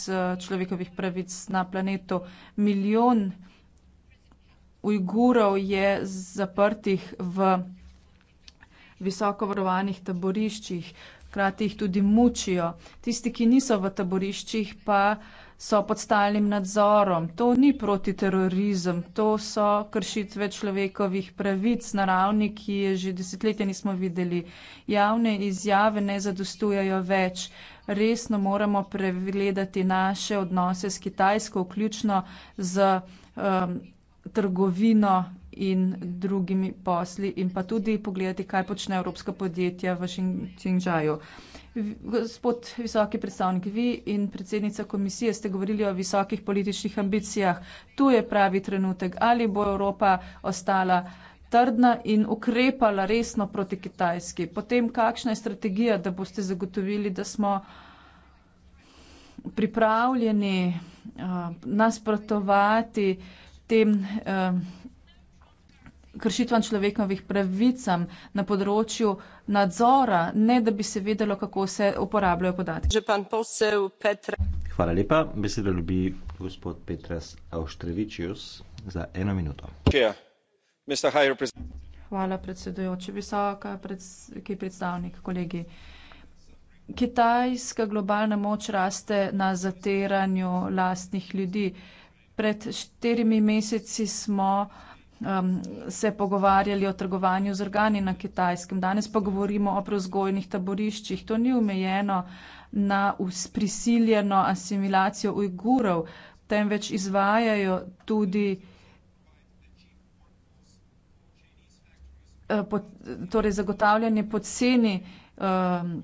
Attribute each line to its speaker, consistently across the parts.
Speaker 1: iz eh, človekovih pravic na planetu. Milijon Ujgurov je zaprtih v visoko varovanih taboriščih, hkrati jih tudi mučijo. Tisti, ki niso v taboriščih, pa so pod stalnim nadzorom. To ni protiterorizem, to so kršitve človekovih pravic na ravni, ki je že desetletja nismo videli. Javne izjave ne zadostujajo več. Resno moramo pregledati naše odnose s Kitajsko, vključno z um, trgovino in drugimi posli in pa tudi pogledati, kaj počne evropska podjetja v Šinčinžaju. Gospod visoki predstavnik, vi in predsednica komisije ste govorili o visokih političnih ambicijah. Tu je pravi trenutek, ali bo Evropa ostala trdna in ukrepala resno proti Kitajski. Potem, kakšna je strategija, da boste zagotovili, da smo pripravljeni uh, nasprotovati tem uh, kršitvam človekovih pravicam na področju nadzora, ne da bi se vedelo, kako se uporabljajo podatki.
Speaker 2: Hvala lepa. Besedo dobi gospod Petras Avštrevičius za eno minuto.
Speaker 1: Hvala, predsedujoči. Visoka predsedujoča, predstavnik, kolegi. Kitajska globalna moč raste na zatiranju lastnih ljudi. Pred štirimi meseci smo uh, um, se pogovarjali o trgovanju z organi na kitajskem. Danes pa govorimo o prevzgojnih taboriščih. To ni umejeno na prisiljeno asimilacijo ujgurov, temveč izvajajo tudi. Eh, Pod, torej zagotavljanje poceni um,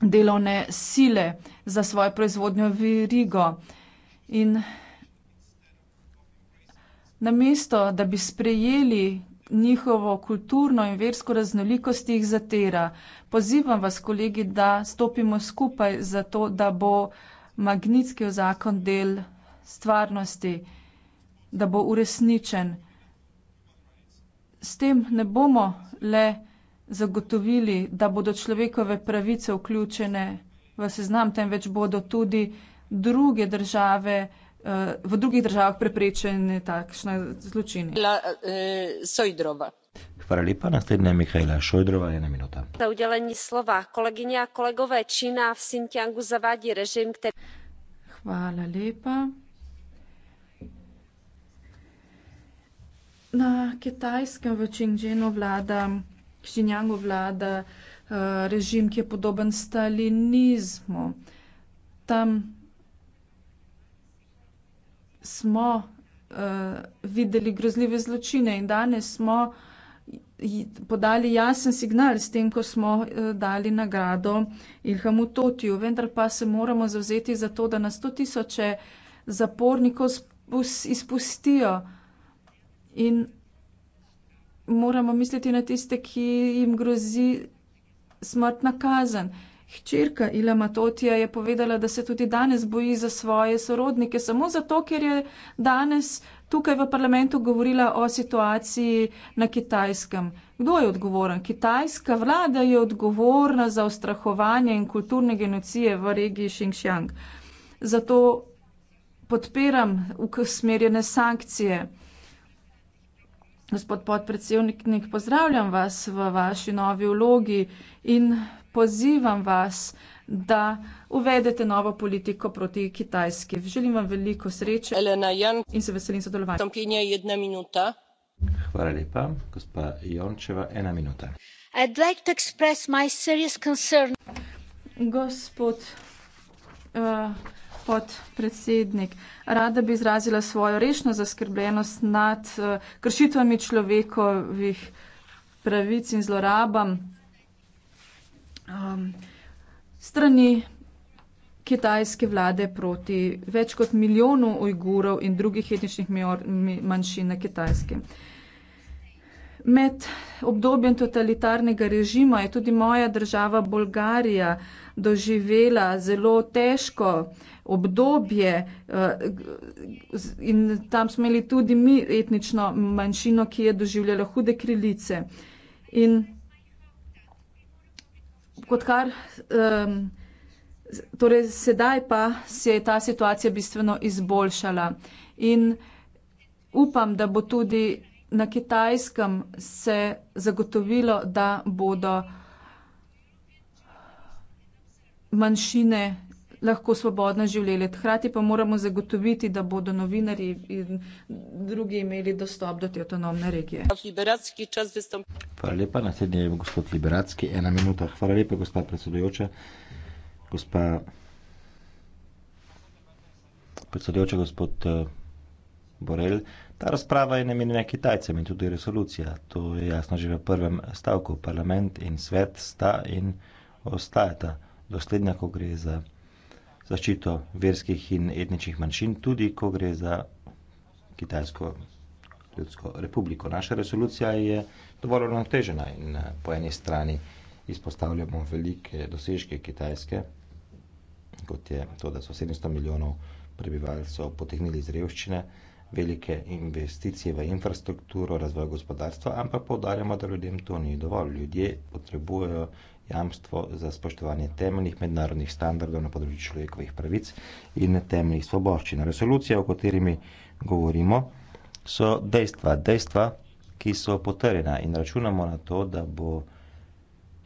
Speaker 1: delovne sile za svojo proizvodnjo verigo. In namesto da bi sprejeli njihovo kulturno in versko raznolikost, jih zatera. Pozivam vas, kolegi, da stopimo skupaj za to, da bo magnitski zakon del stvarnosti, da bo uresničen. S tem ne bomo le zagotovili, da bodo človekove pravice vključene v seznam, temveč bodo tudi druge države Eh, v drugih državah preprečene takšne zločine. La, eh, Sojdrova.
Speaker 2: Hvala lepa, naslednja Mihajla Šojdrova, ena minuta.
Speaker 1: Za udeleni slova, koleginja, kolegove, Čina v Sintjangu zavadi režim, ktere... Hvala lepa. Na kitajskem v Čingženu vlada, Čingjangu vlada eh, režim, ki je podoben stalinizmu. Tam smo uh, videli grozljive zločine in danes smo podali jasen signal s tem, ko smo eh, dali nagrado Ilhamu Totiju. Vendar pa se moramo zavzeti za to, da na sto tisoče zapornikov izpustijo in moramo misliti na tiste, ki jim grozi smrtna kazen. Uh, Hčerka Ila Matotija je povedala, da se tudi danes boji za svoje sorodnike, samo zato, ker je danes tukaj v parlamentu govorila o situaciji na kitajskem. Kdo je odgovoren? Kitajska vlada je odgovorna za ustrahovanje in kulturne genocije v regiji Xinjiang. Zato podpiram usmerjene sankcije. Gospod podpredsednik, pozdravljam vas v vaši novi vlogi in pozivam vas, da uvedete novo politiko proti Kitajski. Želim vam veliko sreče Jan... in se veselim sodelovanja. Tompinja, jedna minuta.
Speaker 2: Hvala lepa. Gospa Jončeva, ena minuta.
Speaker 1: I'd like to express my serious concern. Gospod uh, podpredsednik, rada bi izrazila svojo rešno zaskrbljenost nad uh, kršitvami človekovih pravic in zlorabam um, strani kitajske vlade proti več kot milijonu ujgurov in drugih etničnih manjšin na kitajskem. Med obdobjem totalitarnega režima je tudi moja država Bolgarija doživela zelo težko obdobje eh, in tam smo imeli tudi mi etnično manjšino, ki je doživljala hude krilice. In kot kar um, torej sedaj pa se je ta situacija bistveno izboljšala. In upam, da bo tudi na kitajskem se zagotovilo, da bodo manjšine lahko svobodno živeli. Hrati pa moramo zagotoviti, da bodo novinari in drugi imeli dostop do te avtonomne regije.
Speaker 2: Hvala lepa, naslednji je gospod Liberacki, ena minuta. Hvala lepa, gospod predsedujoča. Gospa predsedujoča, gospod eh, Borel, ta razprava je namenjena Kitajcem in tudi resolucija. To je jasno že v prvem stavku. Parlament in svet sta in ostajata. Doslednja, ko gre za zaščito verskih in etničnih manjšin, tudi ko gre za Kitajsko ljudsko republiko. Naša resolucija je dovolj uravnotežena in eh, po eni strani izpostavljamo velike dosežke Kitajske, kot je to, da so 700 milijonov prebivalcev potegnili iz revščine, velike investicije v infrastrukturo, razvoj gospodarstva, ampak povdarjamo, da ljudem to ni dovolj. Ljudje potrebujejo jamstvo za spoštovanje temeljnih mednarodnih standardov na področju človekovih pravic in temeljnih svoboščin. Resolucija, o katerimi govorimo, so dejstva, dejstva, ki so potrjena in računamo na to, da bo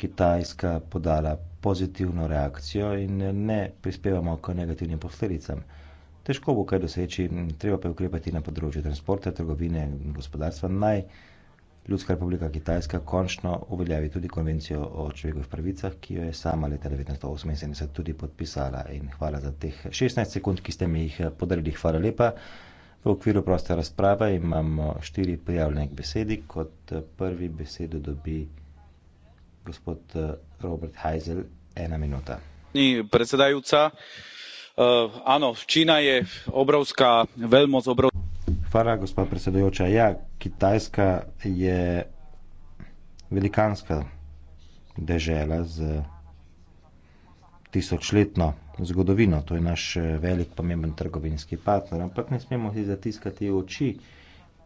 Speaker 2: Kitajska podala pozitivno reakcijo in ne prispevamo k negativnim posledicam. Težko bo kaj doseči, treba pa je ukrepati na področju transporta, trgovine in gospodarstva. Naj Ljudska republika Kitajska končno uveljavi tudi konvencijo o človekovih pravicah, ki jo je sama leta 1978 tudi podpisala. In hvala za teh 16 sekund, ki ste mi jih eh, podarili. Hvala lepa. V okviru proste razprave imamo štiri prijavljene k besedi. Kot eh, prvi besedo dobi gospod eh, Robert Heisel, ena minuta.
Speaker 1: Ni predsedajuca. Uh, ano, Čina je obrovska, veljmo z obrovskim.
Speaker 2: Hvala, gospa predsedujoča. Ja, Kitajska je velikanska dežela z tisočletno zgodovino. To je naš eh, velik, pomemben trgovinski partner. Ampak ne smemo si zatiskati oči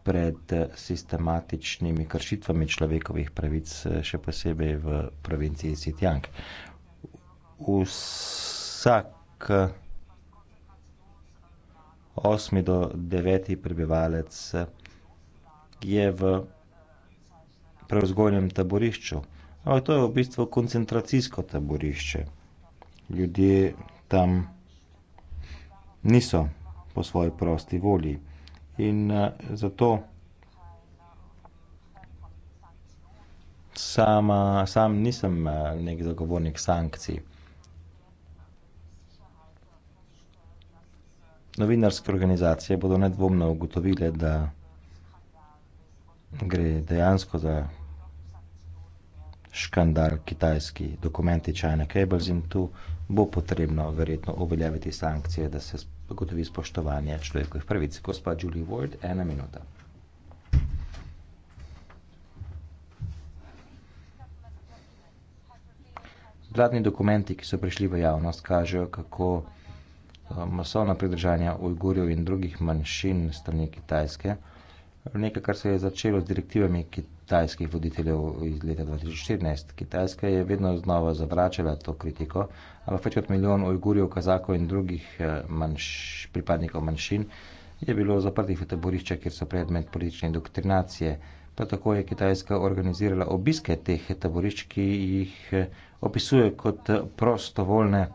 Speaker 2: pred eh, sistematičnimi kršitvami človekovih pravic, eh, še posebej v provinciji Sitjang. Vsak osmi do deveti prebivalec je v prevzgojnem taborišču ampak to je v bistvu koncentracijsko taborišče ljudje tam niso po svoji prosti volji in eh, zato sama sam nisem eh, nek zagovornik sankcij Novinarske organizacije bodo nedvomno ugotovile, da gre dejansko za škandal kitajski dokumenti China Cables in tu bo potrebno verjetno uveljaviti sankcije, da se zagotovi spoštovanje človekovih pravic. Gospa Julie Ward, ena minuta. Zadnji dokumenti, ki so prišli v javnost, kažejo, kako Um, masovna pridržanja ujgurjev in drugih manjšin strani Kitajske, nekaj, kar se je začelo z direktivami kitajskih voditeljev iz leta 2014. Kitajska je vedno znova zavračala to kritiko, ampak več kot milijon ujgurjev, kazakov in drugih eh, manjš, pripadnikov manjšin je bilo zaprtih v taborišča, kjer so predmet politične indoktrinacije. Prav tako je Kitajska organizirala obiske teh taborišč, ki jih eh, opisuje kot prostovoljne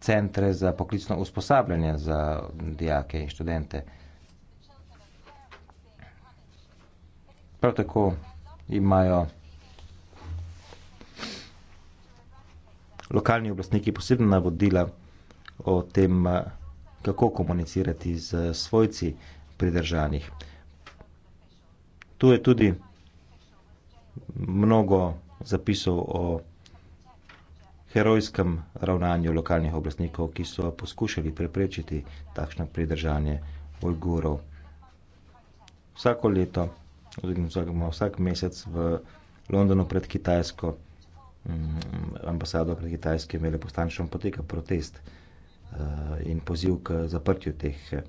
Speaker 2: centre za poklicno usposabljanje za dijake in študente. Prav tako imajo lokalni oblastniki posebna navodila o tem, kako komunicirati z svojci pridržanih. Tu je tudi mnogo zapisov o herojskem ravnanju lokalnih oblastnikov, ki so poskušali preprečiti takšno pridržanje Ujgurov. Vsako leto, oziroma vsak mesec v Londonu pred Kitajsko, mm, ambasado pred kitajskim veleposlaništvom poteka protest eh, in poziv k zaprtju teh eh,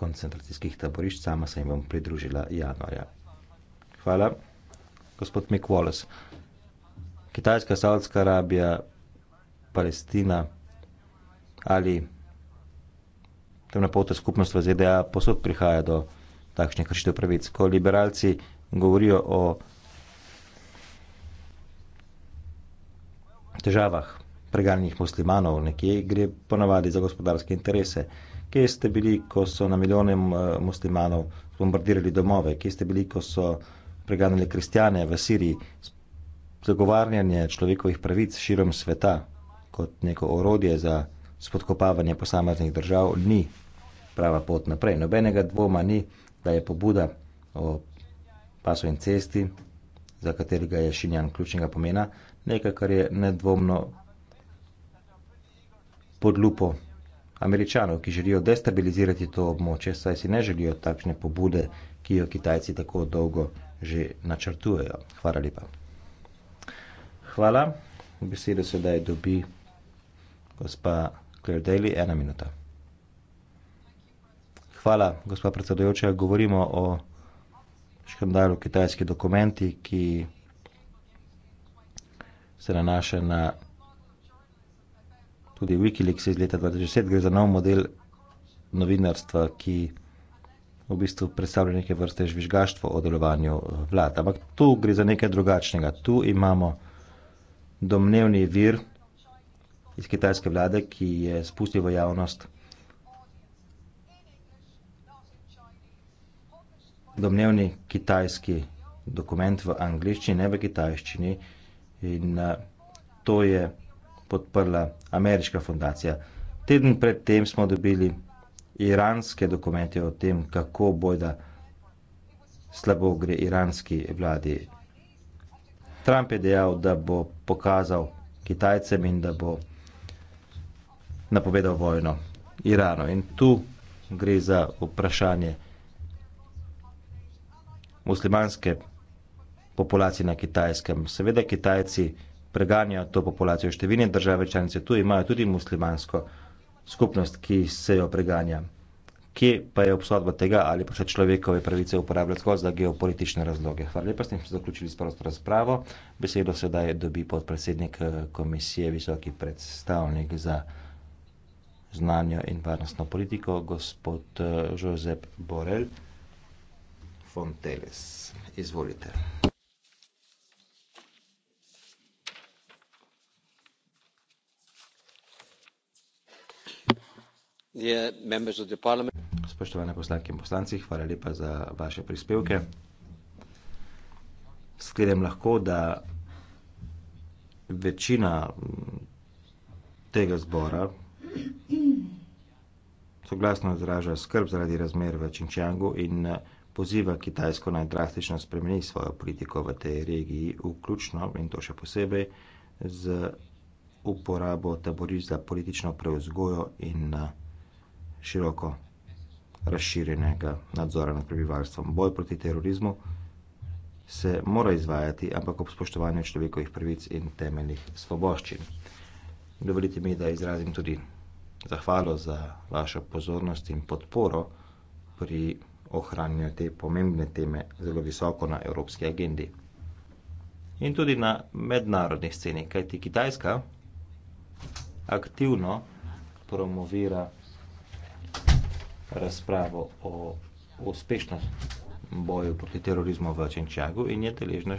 Speaker 2: koncentracijskih taborišč, sama se jim bom pridružila januarja. Hvala, gospod McWallace. Kitajska, Saudska Arabija, Palestina ali temna polta skupnost v ZDA posod prihaja do takšnih kršitev pravic. Ko liberalci govorijo o težavah preganjenih muslimanov, nekje gre ponavadi za gospodarske interese. Kje ste bili, ko so na milijone eh, muslimanov bombardirali domove? Kje ste bili, ko so preganjali kristjane v Siriji? zagovarjanje človekovih pravic širom sveta kot neko orodje za spodkopavanje posameznih držav ni prava pot naprej. Nobenega dvoma ni, da je pobuda o pasu in cesti, za katerega je Šinjan ključnega pomena, nekaj, kar je nedvomno pod lupo američanov, ki želijo destabilizirati to območje, saj si ne želijo takšne pobude, ki jo Kitajci tako dolgo že načrtujejo. Hvala lepa. Hvala. Besedo sedaj dobi gospa Claire Daly, ena minuta. Hvala, gospa predsedojoča. Govorimo o škandalu kitajski dokumenti, ki se nanaša na tudi Wikileaks iz leta 2010. Gre za nov model novinarstva, ki v bistvu predstavlja neke vrste žvižgaštvo o delovanju eh, vlad. Ampak tu gre za nekaj drugačnega. Tu imamo domnevni vir iz kitajske vlade, ki je spustil v javnost domnevni kitajski dokument v angliščini, ne v kitajščini in eh, to je podprla ameriška fundacija. Teden pred tem smo dobili iranske dokumente o tem, kako bojda slabo gre iranski vladi. Trump je dejal, da bo pokazal Kitajcem in da bo napovedal vojno Irano. In tu gre za vprašanje muslimanske populacije na Kitajskem. Seveda Kitajci preganjajo to populacijo. Številne države članice tu imajo tudi muslimansko skupnost, ki se jo preganja kje pa je obsodba tega ali pa še človekove pravice uporabljati skozi za geopolitične razloge. Hvala lepa, s tem smo zaključili s prosto razpravo. Besedo sedaj dobi podpredsednik eh, komisije, visoki predstavnik za znanje in varnostno politiko, gospod Žozep eh, Borel Fonteles. Izvolite. Dear members of the parliament, spoštovane poslanke in poslanci, hvala lepa za vaše prispevke. Sklenem lahko, da večina mm, tega zbora soglasno izraža skrb zaradi razmer v Čingčangu in eh, poziva Kitajsko naj drastično spremeni svojo politiko v tej regiji, vključno in to še posebej z uporabo taborišč za politično preuzgojo in eh, široko razširjenega nadzora nad prebivalstvom boj proti terorizmu se mora izvajati ampak ob spoštovanju človekovih pravic in temeljnih svoboščin dovolite mi da izrazim tudi zahvalo za vašo pozornost in podporo pri ohranjanju te pomembne teme zelo visoko na evropski agendi in tudi na mednarodni sceni kajti kitajska aktivno promovira razpravo o uspešnem boju proti terorizmu v Čenčagu in je deležna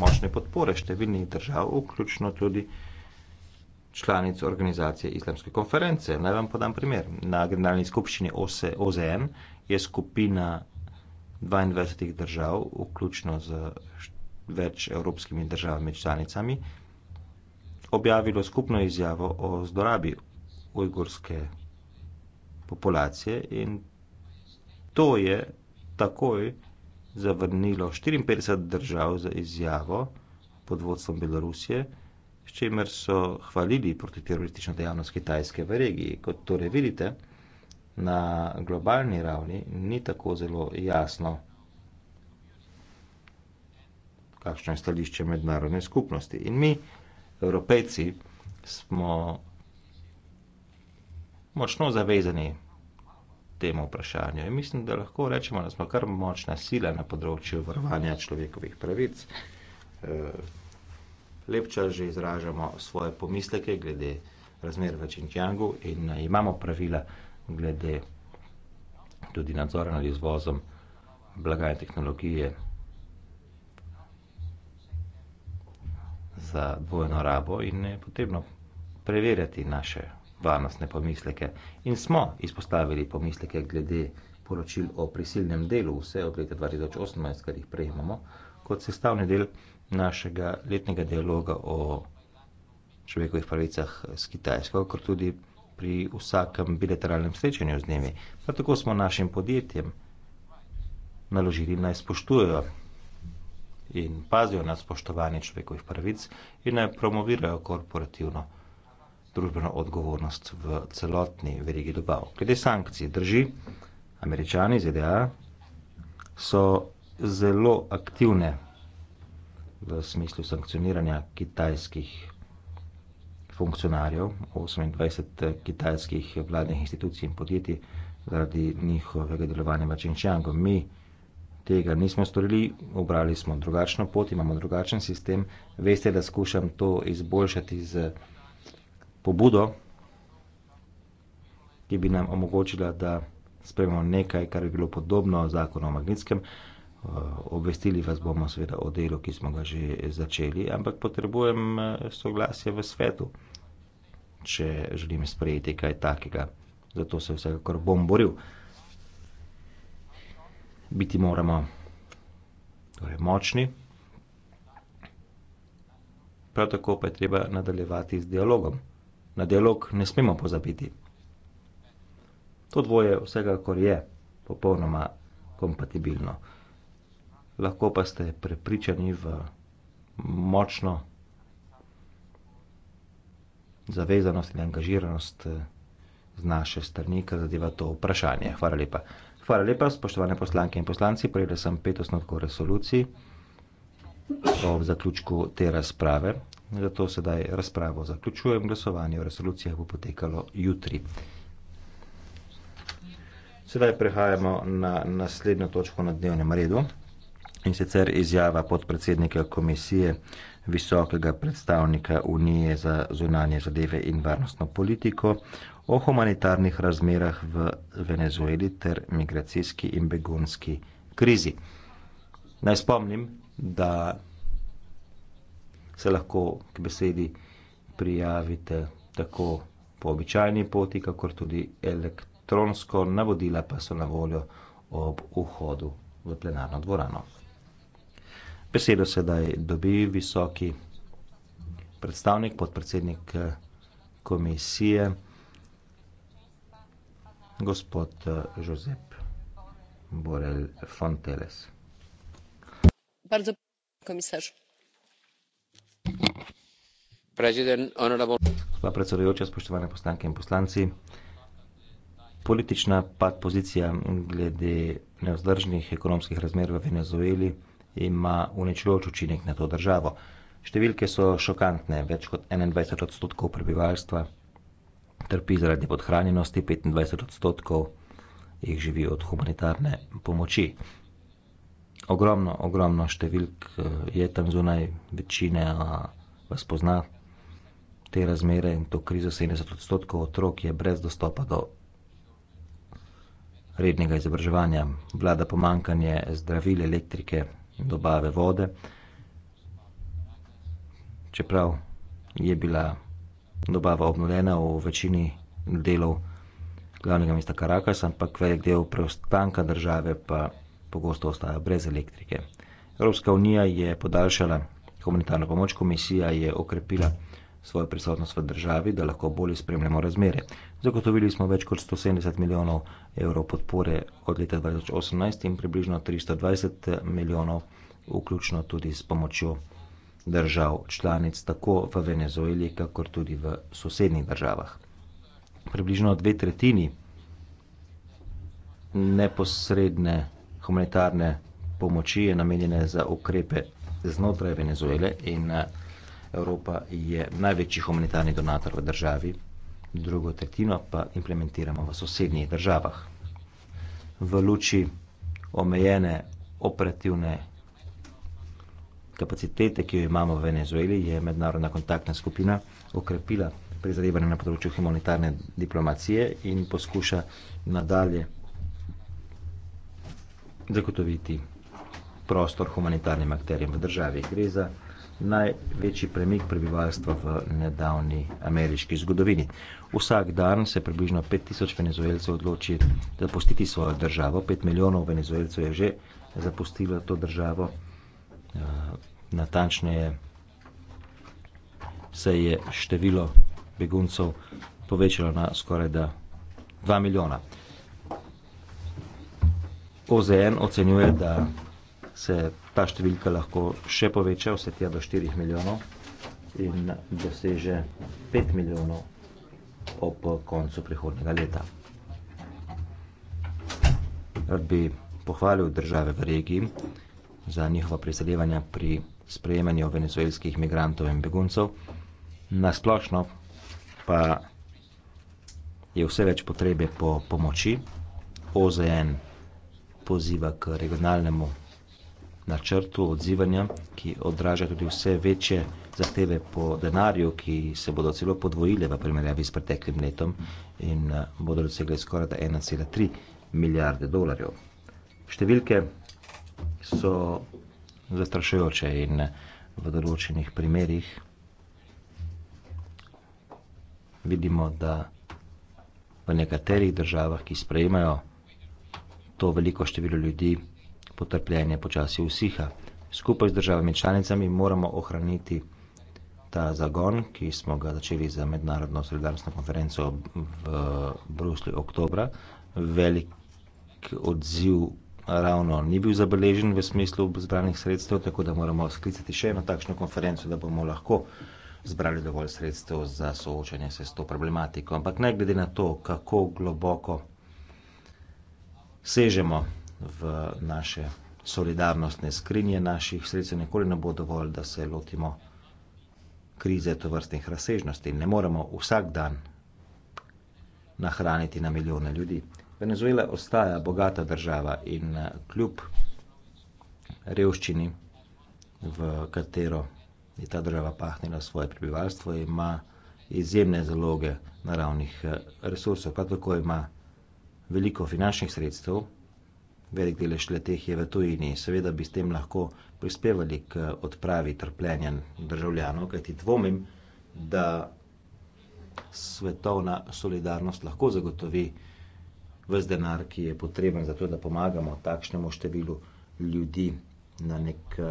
Speaker 2: močne podpore številnih držav, vključno tudi članic organizacije Islamske konference. Naj vam podam primer. Na generalni skupščini OZN je skupina 22 držav, vključno z več evropskimi državami članicami, objavilo skupno izjavo o zdorabi ujgurske populacije in to je takoj zavrnilo 54 držav za izjavo pod vodstvom Belorusije, s čimer so hvalili proti teroristično dejavnost Kitajske v regiji. Kot torej vidite, na globalni ravni ni tako zelo jasno, kakšno je stališče mednarodne skupnosti. In mi, evropejci, smo močno zavezani temu vprašanju. In mislim, da lahko rečemo, da smo kar močna sila na področju varovanja človekovih pravic. E, Lepča že izražamo svoje pomisleke glede razmer v Čindžangu in e, imamo pravila glede tudi nadzora nad izvozom blaga in tehnologije za dvojno rabo in je potrebno preverjati naše varnostne pomisleke in smo izpostavili pomisleke glede poročil o prisilnem delu vse od leta 2018, kar jih prejemamo, kot sestavni del našega letnega dialoga o človekovih pravicah s Kitajsko, kot tudi pri vsakem bilateralnem srečanju z njimi. Prav tako smo našim podjetjem naložili naj spoštujejo in pazijo na spoštovanje človekovih pravic in naj promovirajo korporativno družbeno odgovornost v celotni verigi dobav. Glede sankcij drži, američani iz EDA so zelo aktivne v smislu sankcioniranja kitajskih funkcionarjev, 28 eh, kitajskih vladnih institucij in podjetij zaradi njihovega delovanja v Čenčjangu. Mi tega nismo storili, obrali smo drugačno pot, imamo drugačen sistem. Veste, da skušam to izboljšati z pobudo, ki bi nam omogočila, da spremljamo nekaj, kar bi bilo podobno zakonu o magnetskem. Eh, obvestili vas bomo seveda o delu, ki smo ga že začeli, ampak potrebujem eh, soglasje v svetu, če želim sprejeti kaj takega. Zato se vsekakor bom boril. Biti moramo torej, močni, prav tako pa je treba nadaljevati z dialogom na dialog ne smemo pozabiti. To dvoje vsega, kar je, popolnoma kompatibilno. Lahko pa ste prepričani v močno zavezanost in angažiranost eh, z naše strani, kar zadeva to vprašanje. Hvala lepa. Hvala lepa, spoštovane poslanke in poslanci. Prejela sem pet osnotkov resolucij o zaključku te razprave. Zato sedaj razpravo zaključujem. Glasovanje o resolucijah bo potekalo jutri. Sedaj prehajamo na naslednjo točko na dnevnem redu in sicer izjava podpredsednika komisije visokega predstavnika Unije za zunanje zadeve in varnostno politiko o humanitarnih razmerah v Venezueli ter migracijski in begunski krizi. Naj spomnim, da se lahko k besedi prijavite tako po običajni poti, kakor tudi elektronsko. Navodila pa so na voljo ob vhodu v plenarno dvorano. Besedo sedaj dobi visoki predstavnik, podpredsednik eh, komisije, gospod Žozep eh, Borel Fonteles.
Speaker 1: Bardzo komisarzu.
Speaker 2: Hvala predsedujoča, spoštovane poslanke in poslanci. Politična pad pozicija glede nevzdržnih ekonomskih razmer v Venezueli ima uničujoč učinek na to državo. Številke so šokantne, več kot 21 odstotkov prebivalstva trpi zaradi podhranjenosti, 25 odstotkov jih živi od humanitarne pomoči ogromno, ogromno številk eh, je tam zunaj, večina vas pozna te razmere in to krizo 70 odstotkov otrok je brez dostopa do rednega izobraževanja. Vlada pomankanje zdravil, elektrike, dobave vode. Čeprav je bila dobava obnovljena v večini delov glavnega mesta Karakas, ampak velik del preostanka države pa je pogosto ostaja brez elektrike. Evropska unija je podaljšala humanitarno pomoč, komisija je okrepila svojo prisotnost v državi, da lahko bolje spremljamo razmere. Zagotovili smo več kot 170 milijonov evrov podpore od leta 2018 in približno 320 milijonov, vključno tudi s pomočjo držav članic, tako v Venezueli, kakor tudi v sosednjih državah. Približno dve tretjini neposredne humanitarne pomoči je namenjene za ukrepe znotraj Venezuele in eh, Evropa je največji humanitarni donator v državi, drugo tretjino pa implementiramo v sosednjih državah. V luči omejene operativne kapacitete, ki jo imamo v Venezueli, je mednarodna kontaktna skupina okrepila prizadevanje na področju humanitarne diplomacije in poskuša nadalje zagotoviti prostor humanitarnim akterjem v državi. Gre za največji premik prebivalstva v nedavni ameriški zgodovini. Vsak dan se približno 5000 venezuelcev odloči zapustiti svojo državo. 5 milijonov venezuelcev je že zapustilo to državo. Eh, natančneje se je število beguncev povečalo na skoraj da 2 milijona. OZN ocenjuje, da se ta številka lahko še poveča, vse tja do 4 milijonov in doseže 5 milijonov ob koncu prihodnega leta. Rad bi pohvalil države v regiji za njihova prizadevanja pri sprejemanju venezuelskih migrantov in beguncev. Nasplošno pa je vse več potrebe po pomoči. OZN poziva k regionalnemu načrtu odzivanja, ki odraža tudi vse večje zahteve po denarju, ki se bodo celo podvojile v primerjavi s preteklim letom in eh, bodo dosegle skoraj 1,3 milijarde dolarjev. Številke so zastrašujoče in eh, v določenih primerjih vidimo, da v nekaterih državah, ki sprejemajo to veliko število ljudi potrpljenje počasi usiha. Skupaj z državami članicami moramo ohraniti ta zagon, ki smo ga začeli za mednarodno solidarnostno konferenco v Bruslju oktobra. Velik odziv ravno ni bil zabeležen v smislu zbranih sredstev, tako da moramo sklicati še eno takšno konferenco, da bomo lahko zbrali dovolj sredstev za soočanje se s to problematiko. Ampak ne glede na to, kako globoko sežemo v naše solidarnostne skrinje naših sredstev, nikoli ne bo dovolj, da se lotimo krize tovrstnih razsežnosti. Ne moremo vsak dan nahraniti na milijone ljudi. Venezuela ostaja bogata država in eh, kljub revščini, v katero je ta država pahnila svoje prebivalstvo, ima izjemne zaloge naravnih eh, resursov, pa tako ima veliko finančnih sredstev, velik delež le teh je v tujini, seveda bi s tem lahko prispevali k odpravi trpljenja državljanov, kajti dvomim, da svetovna solidarnost lahko zagotovi vse denar, ki je potreben za to, da pomagamo takšnemu številu ljudi na nek eh,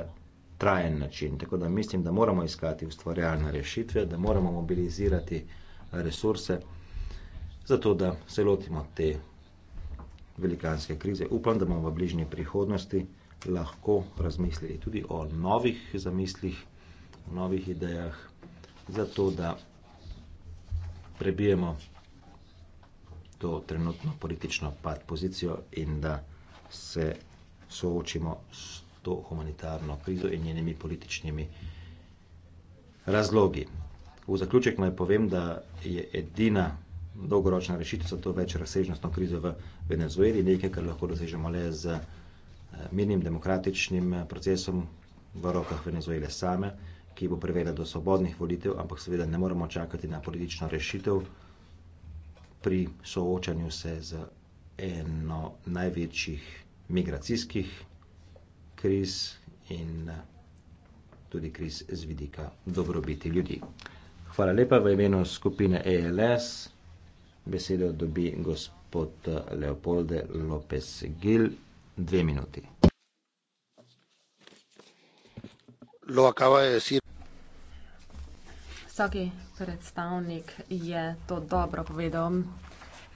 Speaker 2: trajen način. Tako da mislim, da moramo iskati ustvarjalne rešitve, da moramo mobilizirati resurse, zato da se lotimo te velikanske krize. Upam, da bomo v bližnji prihodnosti lahko razmislili tudi o novih zamislih, o novih idejah, zato da prebijemo to trenutno politično pad pozicijo in da se soočimo s to humanitarno krizo in njenimi političnimi razlogi. V zaključek naj povem, da je edina dolgoročna rešitev, za to več razsežnostno krizo v Venezueli, nekaj, kar lahko dosežemo le z eh, mirnim demokratičnim eh, procesom v rokah Venezuele same, ki bo privedla do svobodnih volitev, ampak seveda ne moramo čakati na politično rešitev pri soočanju se z eno največjih migracijskih kriz in eh, tudi kriz z vidika dobrobiti ljudi. Hvala lepa v imenu skupine ALS besedo dobi gospod Leopolde Lopez Gil, dve minuti. Lo acaba de decir.
Speaker 3: Vsaki predstavnik je to dobro povedal.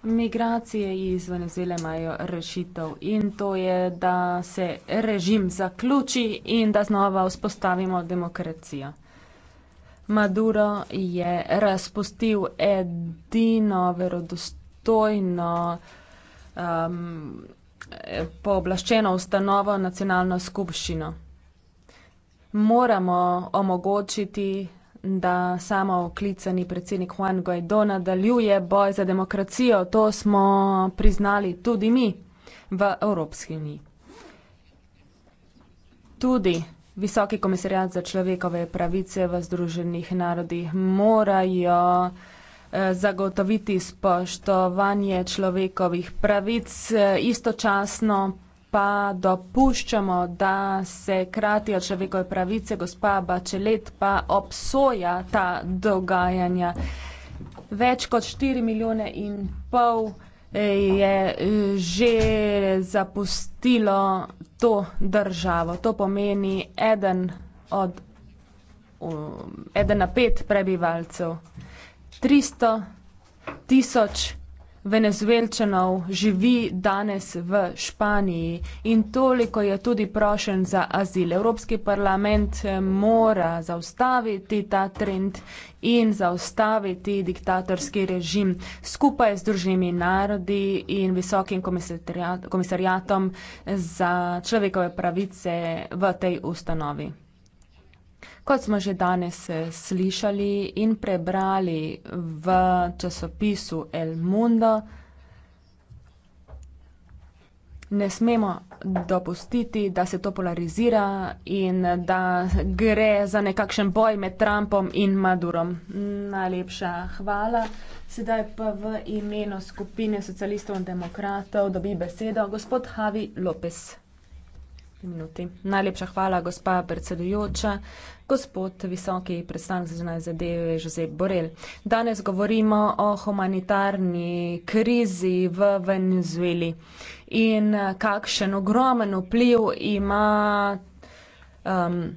Speaker 3: Migracije iz Venezuele imajo rešitev in to je, da se režim zaključi in da znova vzpostavimo demokracijo. Maduro je razpustil edino verodostojno um, pooblaščeno ustanovo nacionalno skupščino. Moramo omogočiti, da samo oklicani predsednik Juan Guaido nadaljuje boj za demokracijo. To smo priznali tudi mi v Evropski uniji. Tudi Visoki komisariat za človekove pravice v Združenih narodih morajo eh, zagotoviti spoštovanje človekovih pravic, eh, istočasno pa dopuščamo, da se kratijo človekove pravice, gospa Bačelet pa obsoja ta dogajanja. Več kot 4 milijone in pol je eh, že zapustilo to državo. To pomeni eden od um, eden na pet prebivalcev. 300 tisoč venezuelčanov živi danes v Španiji in toliko je tudi prošen za azil. Evropski parlament eh, mora zaustaviti ta trend in zaustaviti diktatorski režim skupaj z Združenimi narodi in visokim komisarjatom za človekove pravice v tej ustanovi. Kot smo že danes eh, slišali in prebrali v časopisu El Mundo, ne smemo dopustiti, da se to polarizira in da gre za nekakšen boj med Trumpom in Madurom. Najlepša hvala. Sedaj pa v imenu skupine socialistov in demokratov dobi besedo gospod Javi Lopes minuti. Najlepša hvala, gospa predsedujoča, gospod visoki predstavnik za zunanje zadeve Žozep Borel. Danes govorimo o humanitarni krizi v Venezueli in kakšen ogromen vpliv ima. Um,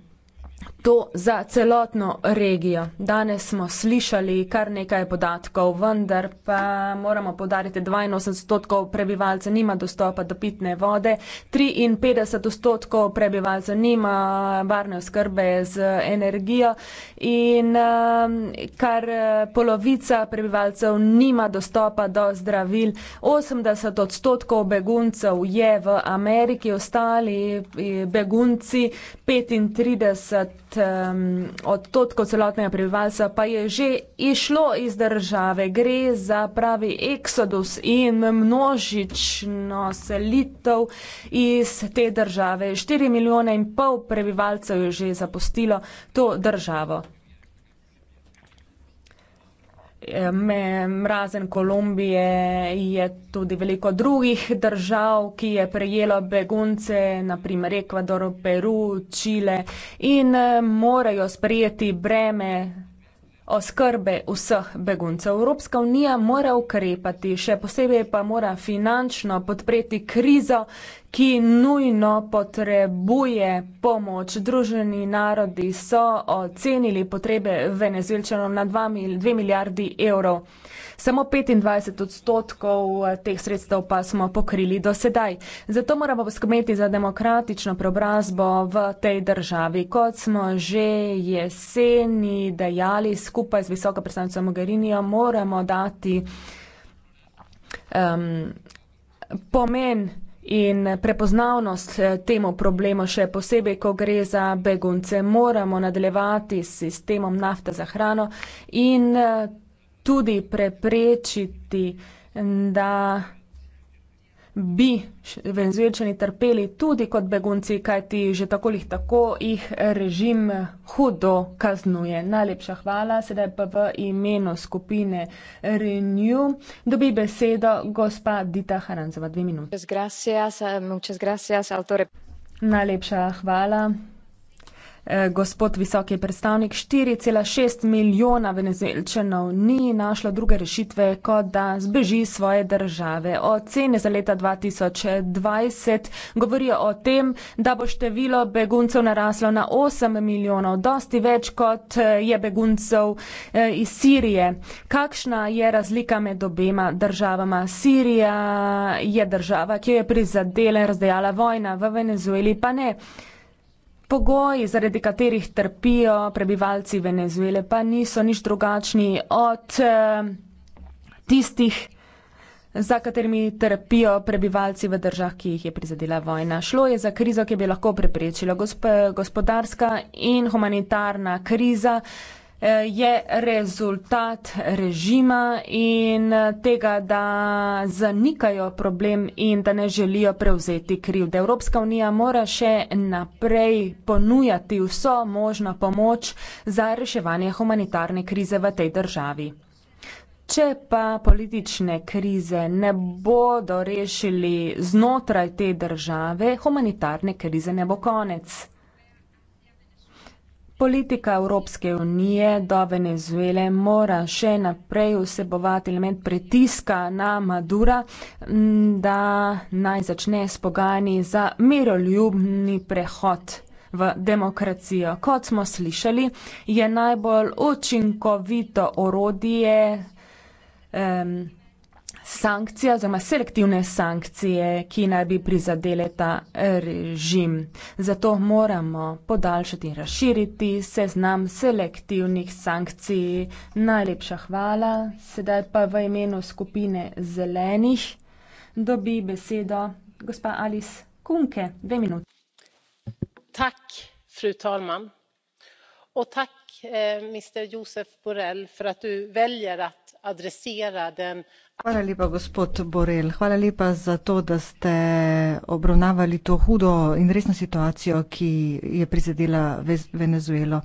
Speaker 3: to za celotno regijo. Danes smo slišali kar nekaj podatkov, vendar pa moramo podariti, 82 odstotkov prebivalcev nima dostopa do pitne vode, 53 odstotkov prebivalcev nima varne oskrbe z energijo in um, kar eh, polovica prebivalcev nima dostopa do zdravil, 80 odstotkov beguncev je v Ameriki, ostali eh, begunci 35 odstotkrat um, odstotkov celotnega prebivalstva pa je že išlo iz države. Gre za pravi eksodus in množično selitev iz te države. 4 milijone in pol prebivalcev je že zapustilo to državo me, razen Kolumbije, je tudi veliko drugih držav, ki je prejelo begunce, naprimer Ekvador, Peru, Čile in morajo sprejeti breme oskrbe vseh beguncev. Evropska unija mora ukrepati, še posebej pa mora finančno podpreti krizo, ki nujno potrebuje pomoč. Druženi narodi so ocenili potrebe venezuelčanov na 2 milijardi evrov. Samo 25 odstotkov eh, teh sredstev pa smo pokrili do sedaj. Zato moramo poskrbeti za demokratično preobrazbo v tej državi. Kot smo že jeseni dejali skupaj z visoko predstavnico Mogherinijo, moramo dati um, pomen in prepoznavnost eh, temu problemu, še posebej, ko gre za begunce. Moramo nadaljevati s sistemom nafta za hrano in eh, tudi preprečiti, da bi venezuelčani trpeli tudi kot begunci, kajti že tako jih tako jih režim hudo kaznuje. Najlepša hvala, sedaj pa v imenu skupine Renew dobi besedo gospa Dita Haranzova. Dve minuti. Najlepša hvala eh, gospod visoki predstavnik, 4,6 milijona venezuelčanov ni našlo druge rešitve, kot da zbeži svoje države. Ocene za leta 2020 govorijo o tem, da bo število beguncev naraslo na 8 milijonov, dosti več kot eh, je beguncev eh, iz Sirije. Kakšna je razlika med obema državama? Sirija je država, ki jo je prizadela in razdejala vojna, v Venezueli pa ne. Pogoji, zaradi katerih trpijo prebivalci Venezuele, pa niso nič drugačni od eh, tistih, za katerimi trpijo prebivalci v državah, ki jih je prizadela vojna. Šlo je za krizo, ki bi lahko preprečila gosp gospodarska in humanitarna kriza. Eh, je rezultat režima in eh, tega, da zanikajo problem in da ne želijo prevzeti krivde. Evropska unija mora še naprej ponujati vso možno pomoč za reševanje humanitarne krize v tej državi. Če pa politične krize ne bodo rešili znotraj te države, humanitarne krize ne bo konec. Politika Evropske unije do Venezuele mora še naprej vsebovati element pritiska na Madura, da naj začne s pogajanji za miroljubni prehod v demokracijo. Kot smo slišali, je najbolj učinkovito orodje. Um, sankcije oziroma selektivne sankcije, ki naj bi prizadele ta eh, režim. Zato moramo podaljšati in razširiti seznam selektivnih sankcij. Najlepša hvala. Sedaj pa v imenu skupine zelenih dobi besedo gospa Alice Kunke. Dve minuti. Tak, fru talman. Och tack, eh, mr Josef Borrell,
Speaker 1: för att du väljer att adressera den
Speaker 4: Hvala lepa, gospod Borel. Hvala lepa za to, da ste obravnavali to hudo in resno situacijo, ki je prizadela Venezuelo.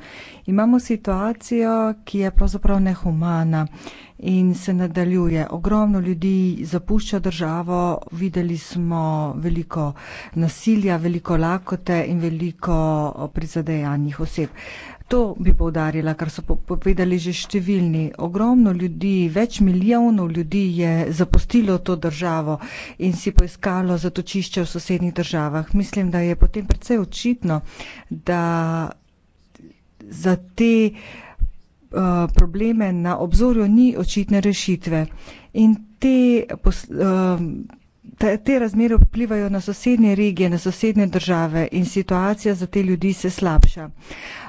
Speaker 4: Imamo situacijo, ki je pravzaprav nehumana in se nadaljuje. Ogromno ljudi zapušča državo, videli smo veliko nasilja, veliko lakote in veliko prizadejanih oseb. To bi povdarila, kar so povedali že številni. Ogromno ljudi, več milijonov ljudi je zapustilo to državo in si poiskalo zatočišče v sosednjih državah. Mislim, da je potem predvsej očitno, da za te eh, probleme na obzorju ni očitne rešitve. In eh, te, te razmere vplivajo na sosednje regije, na sosednje države in situacija za te ljudi se slabša.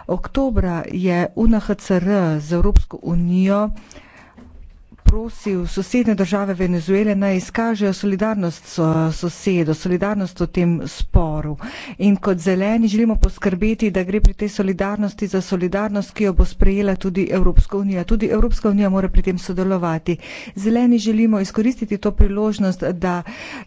Speaker 4: Oktobra je UNHCR z Evropsko unijo zaprosil sosednje države Venezuele naj izkažejo solidarnost s sosedo, solidarnost v tem sporu. In kot zeleni želimo poskrbeti, da gre pri tej solidarnosti za solidarnost, ki jo bo sprejela tudi Evropska unija. Tudi Evropska unija mora pri tem sodelovati. Zeleni želimo izkoristiti to priložnost, da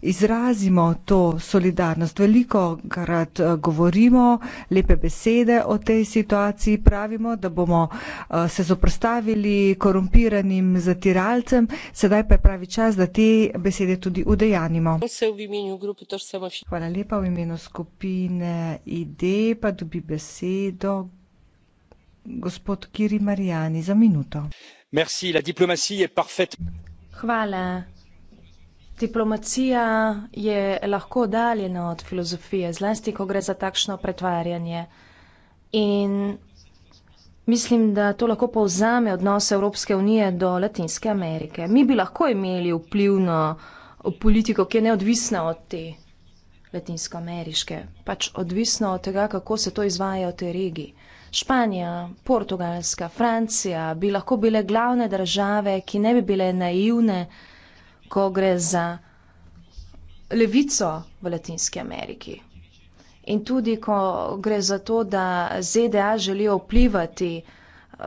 Speaker 4: izrazimo to solidarnost. Veliko krat eh, govorimo lepe besede o tej situaciji, pravimo, da bomo eh, se zoprstavili korumpiranim zatiralnim palcem, sedaj pa je pravi čas, da te besede tudi udejanimo. Hvala lepa v imenu skupine ID, pa dobi besedo gospod Kiri Marijani za minuto.
Speaker 2: Merci, la diplomacija je parfet.
Speaker 5: Hvala. Diplomacija je lahko daljena od filozofije, zlasti ko gre za takšno pretvarjanje. In Mislim, da to lahko povzame odnose Evropske unije do Latinske Amerike. Mi bi lahko imeli vpliv na politiko, ki je neodvisna od te latinsko-ameriške, pač odvisno od tega, kako se to izvaja v tej regiji. Španija, Portugalska, Francija bi lahko bile glavne države, ki ne bi bile naivne, ko gre za levico v Latinski Ameriki. In tudi, ko gre za to, da ZDA želijo vplivati eh,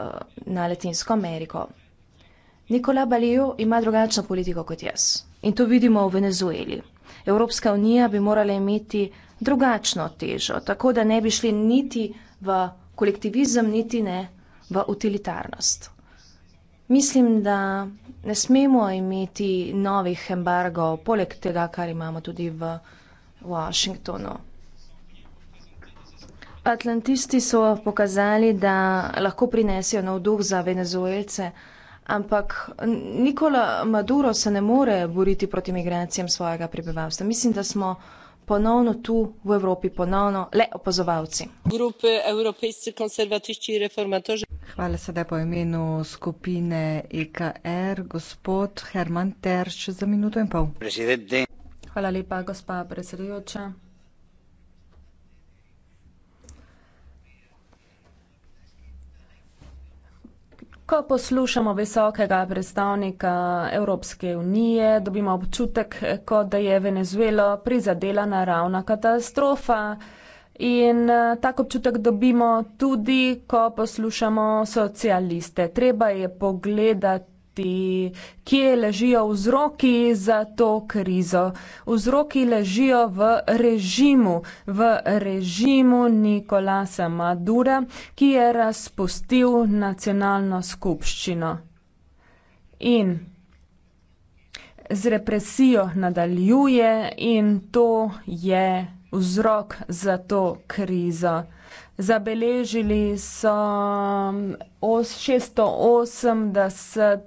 Speaker 5: na Latinsko Ameriko. Nikola Balijo ima drugačno politiko kot jaz. In to vidimo v Venezueli. Evropska unija bi morala imeti drugačno težo, tako da ne bi šli niti v kolektivizem, niti ne v utilitarnost. Mislim, da ne smemo imeti novih embargov, poleg tega, kar imamo tudi v Washingtonu. Atlantisti so pokazali, da lahko prinesijo nov duh za venezuelce, ampak Nikola Maduro se ne more boriti proti migracijam svojega prebivalstva. Mislim, da smo ponovno tu v Evropi, ponovno le opazovalci. Hvala sedaj po imenu
Speaker 4: skupine EKR, gospod Herman Terš za minuto in pol. Hvala lepa, gospa predsedujoča.
Speaker 3: Ko poslušamo visokega predstavnika Evropske unije, dobimo občutek, kot da je Venezuelo prizadela naravna katastrofa. In eh, tak občutek dobimo tudi, ko poslušamo socialiste. Treba je pogledati javnosti, kje ležijo vzroki za to krizo. Vzroki ležijo v režimu, v režimu Nikolasa Madura, ki je razpustil nacionalno skupščino. In z represijo nadaljuje in to je vzrok za to krizo zabeležili so 680,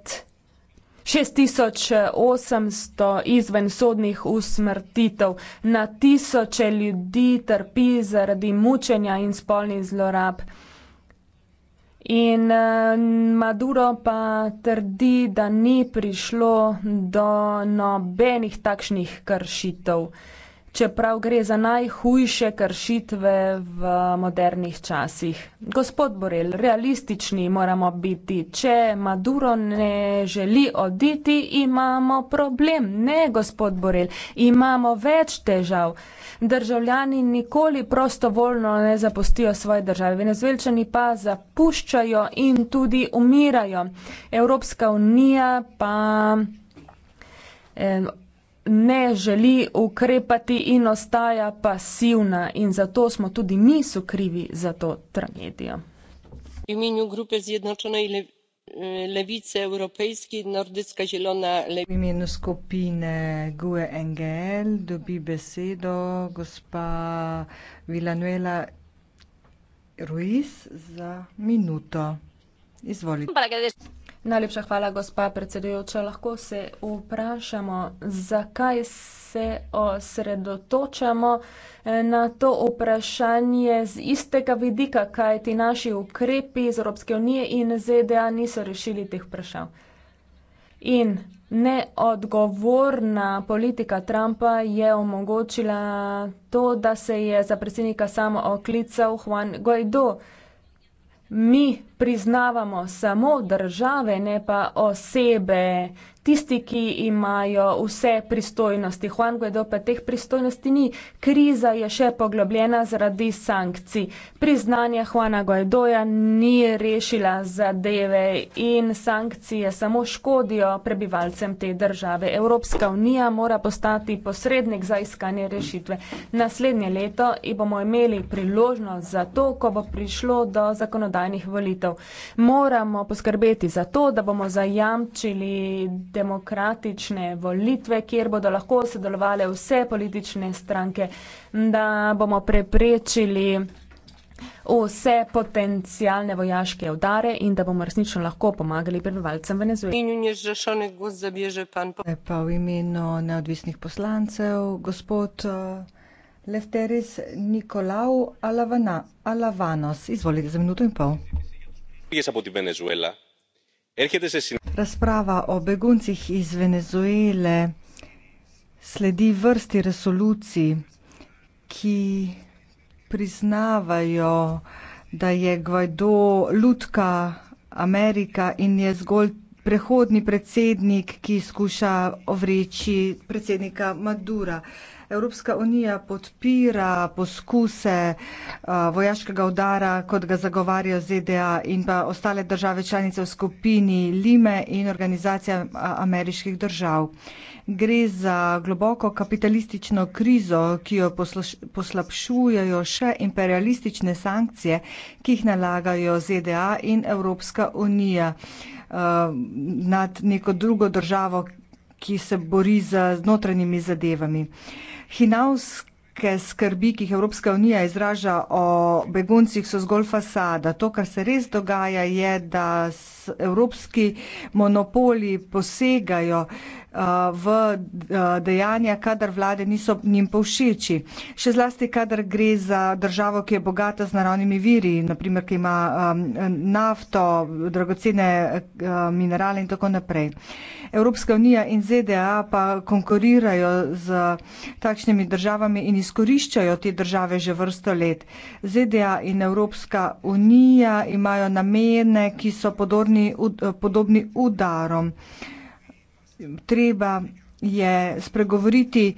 Speaker 3: 6800 izven sodnih usmrtitev. Na tisoče ljudi trpi zaradi mučenja in spolnih zlorab. In mm, Maduro pa trdi, da ni prišlo do nobenih takšnih kršitev čeprav gre za najhujše kršitve v modernih časih. Gospod Borel, realistični moramo biti. Če Maduro ne želi oditi, imamo problem. Ne, gospod Borel, imamo več težav. Državljani nikoli prostovoljno ne zapustijo svoje države. Venezuelčani pa zapuščajo in tudi umirajo. Evropska unija pa. Eh, ne želi ukrepati in ostaja pasivna in zato smo tudi mi so
Speaker 4: krivi za to tragedijo. V imenu grupe Zjednočene levice evropejski nordijska zelena levica. V imenu skupine GUE NGL dobi besedo gospa Villanuela Ruiz za minuto. Izvolite.
Speaker 3: Najlepša hvala, gospa predsedujoča. Lahko se vprašamo, zakaj se osredotočamo eh, na to vprašanje z istega vidika, kaj ti naši ukrepi iz Evropske unije in ZDA niso rešili teh vprašanj. In neodgovorna politika Trumpa je omogočila to, da se je za predsednika samo oklical Juan Guaido mi priznavamo samo države, ne pa osebe, tisti, ki imajo vse pristojnosti. Juan Guaido pa teh pristojnosti ni. Kriza je še poglobljena zaradi sankcij. Priznanje Juana Guaidoja ni rešila zadeve in sankcije samo škodijo prebivalcem te države. Evropska unija mora postati posrednik za iskanje rešitve. Naslednje leto bomo imeli priložnost za to, ko bo prišlo do zakonodajnih volitev. Moramo poskrbeti za to, da bomo zajamčili demokratične volitve, kjer bodo lahko sodelovale vse politične stranke, da bomo preprečili vse potencijalne vojaške udare in da bomo resnično lahko pomagali
Speaker 4: prebivalcem Venezuele. Pa v imenu neodvisnih poslancev, gospod eh, Lefteris Nikolau Alavana, Alavanos, izvolite za minuto in pol.
Speaker 2: Pijesa poti Venezuela.
Speaker 4: Razprava o beguncih iz Venezuele sledi vrsti resolucij, ki priznavajo, da je Gvajdo lutka Amerika in je zgolj prehodni predsednik, ki skuša ovreči predsednika Madura. Evropska unija podpira poskuse eh, vojaškega udara, kot ga zagovarjajo ZDA in pa ostale države članice v skupini Lime in organizacija eh, ameriških držav. Gre za globoko kapitalistično krizo, ki jo poslabšujejo še imperialistične sankcije, ki jih nalagajo ZDA in Evropska unija eh, nad neko drugo državo, ki se bori za notranjimi zadevami. Hinavske skrbi, ki jih Evropska unija izraža o beguncih, so zgolj fasada. To, kar se res dogaja, je, da evropski monopoli posegajo uh, v uh, dejanja, kadar vlade niso njim povšeči. Še zlasti, kadar gre za državo, ki je bogata z naravnimi viri, naprimer, ki ima um, nafto, dragocene uh, minerale in tako naprej. Evropska unija in ZDA pa konkurirajo z takšnimi državami in izkoriščajo te države že vrsto let. ZDA in Evropska unija imajo namene, ki so podobne podobni, podobni udarom. Treba je spregovoriti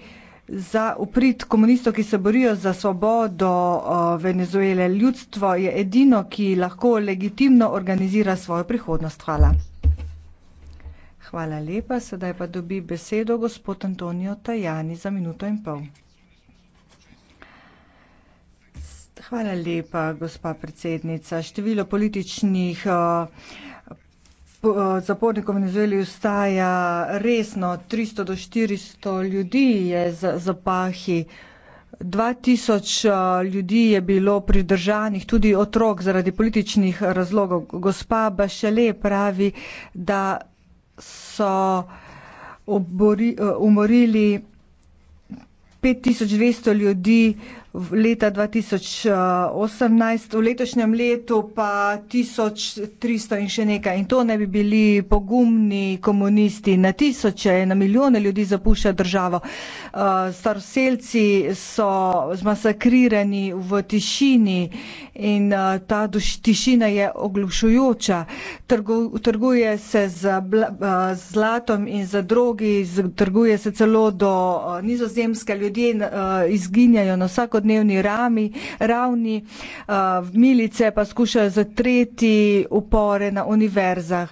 Speaker 4: za uprit komunistov, ki se borijo za svobodo uh, Venezuele. Ljudstvo je edino, ki lahko legitimno organizira svojo prihodnost. Hvala. Hvala lepa. Sedaj pa dobi besedo gospod Antonijo Tajani za minuto in pol. Hvala lepa, gospa predsednica. Število političnih uh, Eh, zapornikov v Venezueli ustaja resno, 300 do 400 ljudi je za, za pahi. 2000 eh, ljudi je bilo pridržanih, tudi otrok zaradi političnih razlogov. Gospa Bašele pravi, da so obori, eh, umorili 5200 ljudi, leta 2018, v letošnjem letu pa 1300 in še nekaj. In to ne bi bili pogumni komunisti. Na tisoče, na milijone ljudi zapušča državo. Eh, Starselci so zmasakrirani v tišini in eh, ta duš, tišina je oglušujoča. Trgu, trguje se z eh, zlatom in z drogi, trguje se celo do nizozemske ljudi, izginjajo na vsakodnevno vsakodnevni rami, ravni, uh, milice pa skušajo zatreti upore na univerzah.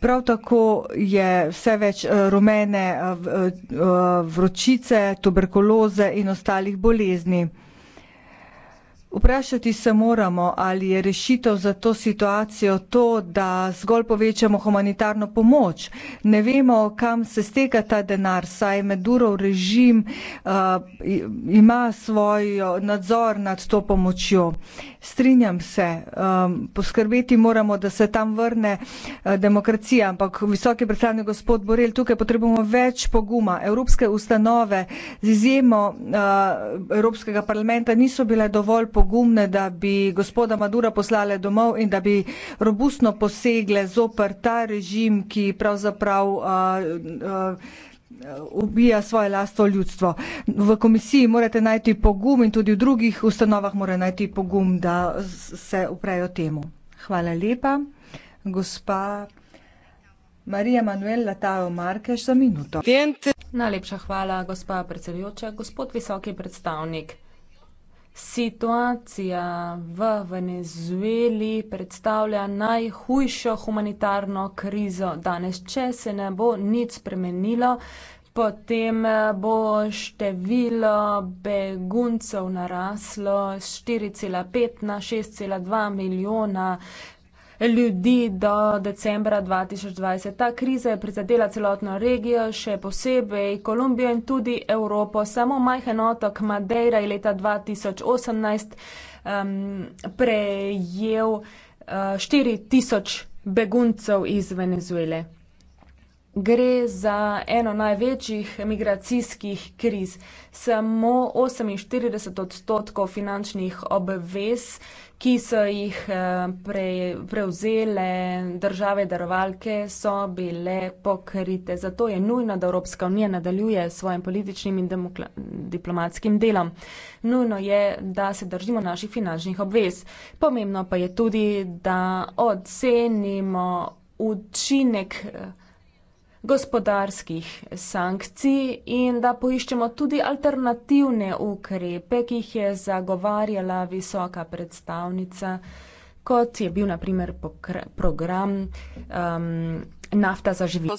Speaker 4: Prav tako je vse več rumene vročice, tuberkuloze in ostalih bolezni. Vprašati se moramo, ali je rešitev za to situacijo to, da zgolj povečamo humanitarno pomoč. Ne vemo, kam se steka ta denar, saj Medurov režim uh, ima svoj eh, nadzor nad to pomočjo. Strinjam se, um, poskrbeti moramo, da se tam vrne uh, demokracija, ampak visoki predstavni gospod Borel, tukaj potrebujemo več poguma. Evropske ustanove z izjemo uh, Evropskega parlamenta niso bile dovolj pogumne pogumne da bi gospoda madura poslale domov in da bi robustno posegle zoper ta režim ki pravzaprav uh, uh, ubija svoje lastno ljudstvo. V komisiji morate najti pogum in tudi v drugih ustanovah morajo najti pogum, da se uprejo temu. Hvala lepa. Gospa Marija Manuel Latao Markeš za minuto. Najlepša hvala,
Speaker 3: gospa predsedujoča. Gospod visoki predstavnik, Situacija v Venezueli predstavlja najhujšo humanitarno krizo danes. Če se ne bo nič spremenilo, potem bo število beguncev naraslo z 4,5 na 6,2 milijona ljudi do decembra 2020. Ta kriza je prizadela celotno regijo, še posebej Kolumbijo in tudi Evropo. Samo majhen otok Madeira je leta 2018 um, prejel uh, eh, 4000 beguncev iz Venezuele. Gre za eno največjih migracijskih kriz. Samo 48 odstotkov finančnih obvez ki so jih eh, pre, prevzele države darovalke, so bile pokrite. Zato je nujno, da Evropska unija nadaljuje s svojim političnim in diplomatskim delom. Nujno je, da se držimo naših finančnih obvez. Pomembno pa je tudi, da ocenimo učinek eh, gospodarskih sankcij in da poiščemo tudi alternativne ukrepe, ki jih je zagovarjala visoka predstavnica, kot je bil naprimer program
Speaker 4: um, Nafta za živine.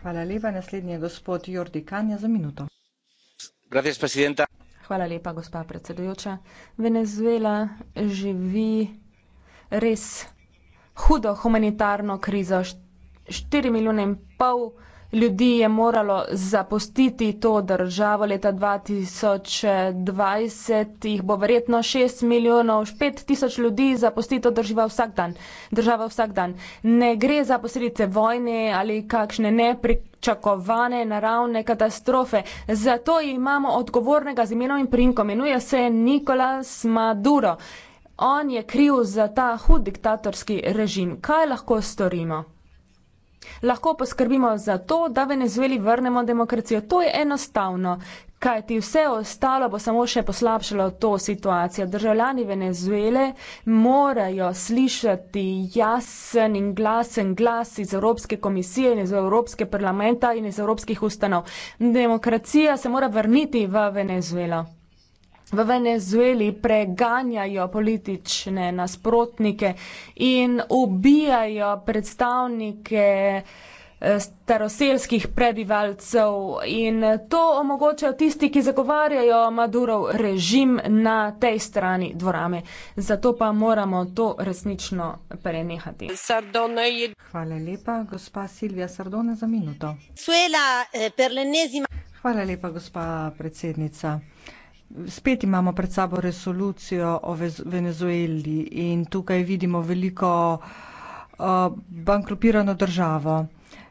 Speaker 4: Hvala lepa, naslednji je gospod Jordi Kanja za minuto. Hvala lepa, gospa predsedujoča.
Speaker 3: Venezuela živi res hudo humanitarno krizo. 4 milijone in pol ljudi je moralo zapustiti to državo leta 2020, jih bo verjetno 6 milijonov, 5 tisoč ljudi zapusti to država vsak dan. Država vsak dan. Ne gre za posledice vojne ali kakšne nepričakovane naravne katastrofe. Zato imamo odgovornega z imenom in prinko. Menuje se Nikolas Maduro. On je kriv za ta hud diktatorski režim. Kaj lahko storimo? Lahko poskrbimo za to, da Venezueli vrnemo demokracijo. To je enostavno, kajti vse ostalo bo samo še poslabšalo to situacijo. Državljani Venezuele morajo slišati jasen in glasen glas iz Evropske komisije in iz Evropske parlamenta in iz Evropskih ustanov. Demokracija se mora vrniti v Venezuelo v Venezueli preganjajo politične nasprotnike in ubijajo predstavnike eh, staroselskih prebivalcev in to omogočajo tisti, ki zagovarjajo Madurov režim na tej strani dvorame. Zato pa moramo to resnično prenehati.
Speaker 1: Sardone.
Speaker 4: Hvala lepa, gospa Silvija Sardone, za minuto. Eh, Hvala lepa, gospa predsednica. Spet imamo pred sabo resolucijo o Venezueli in tukaj vidimo veliko uh, bankrupirano državo.